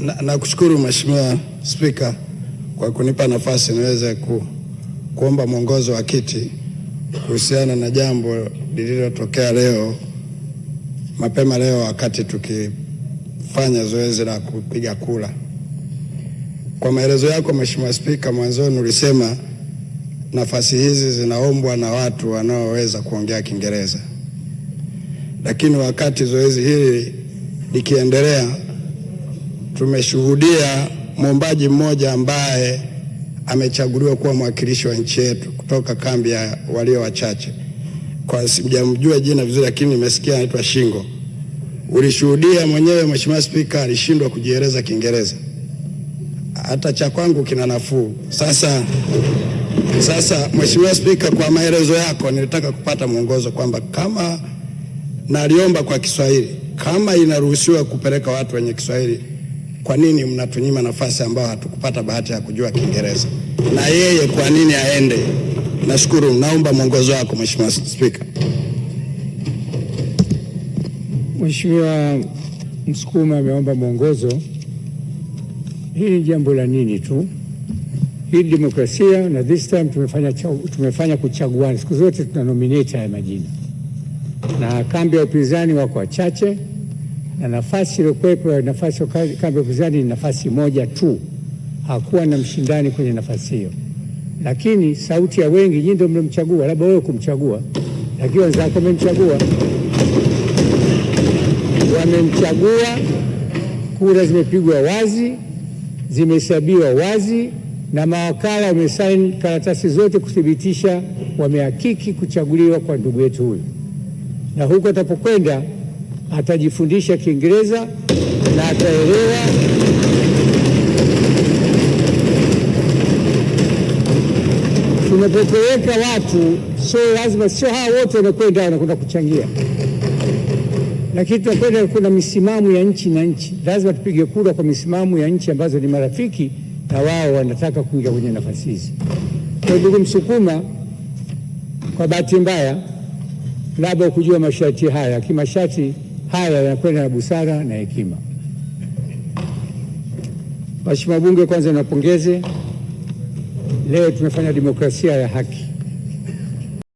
Nakushukuru na Mheshimiwa Spika kwa kunipa nafasi niweze ku, kuomba mwongozo wa kiti kuhusiana na jambo lililotokea leo mapema leo wakati tukifanya zoezi la kupiga kura. Kwa maelezo yako Mheshimiwa Spika, mwanzoni ulisema nafasi hizi zinaombwa na watu wanaoweza kuongea Kiingereza, lakini wakati zoezi hili likiendelea tumeshuhudia mwombaji mmoja ambaye amechaguliwa kuwa mwakilishi wa nchi yetu kutoka kambi ya walio wachache, kwa sijamjua jina vizuri, lakini nimesikia anaitwa Shingo. Ulishuhudia mwenyewe Mheshimiwa Spika, alishindwa kujieleza Kiingereza, hata cha kwangu kina nafuu. Sasa sasa Mheshimiwa Spika, kwa maelezo yako nilitaka kupata mwongozo kwamba kama naliomba kwa Kiswahili, kama inaruhusiwa kupeleka watu wenye Kiswahili kwa nini mnatunyima nafasi ambayo hatukupata bahati ya kujua Kiingereza na yeye kwa nini aende? Nashukuru, naomba mwongozo wako Mheshimiwa Spika. Mheshimiwa Msukuma ameomba mwongozo. Hii ni jambo la nini tu, hii demokrasia, na this time tumefanya, tumefanya kuchaguana. Siku zote tuna nominate haya majina na kambi ya upinzani wako wachache na nafasi iliyokuwepo ya nafasi ya kambi ya upinzani ni nafasi moja tu, hakuwa na mshindani kwenye nafasi hiyo. Lakini sauti ya wengi, nyinyi ndio mlimchagua, labda wewe kumchagua, lakini wenzako wamemchagua, wamemchagua, kura zimepigwa wazi, zimehesabiwa wazi na mawakala wamesaini karatasi zote kuthibitisha wamehakiki kuchaguliwa kwa ndugu yetu huyu, na huko atapokwenda atajifundisha Kiingereza na ataelewa tunapopeleka watu. Sio lazima, sio hawa wote wanakwenda wanakwenda kuchangia, lakini tunakwenda, kuna misimamo ya nchi na nchi. Lazima tupige kura kwa misimamo ya nchi ambazo ni marafiki na wao wanataka kuingia kwenye nafasi hizi. Kwa ndugu Msukuma, kwa bahati mbaya labda ukujua masharti haya kimasharti haya yanakwenda na busara na hekima. Waheshimiwa wabunge, kwanza niwapongeze, leo tumefanya demokrasia ya haki.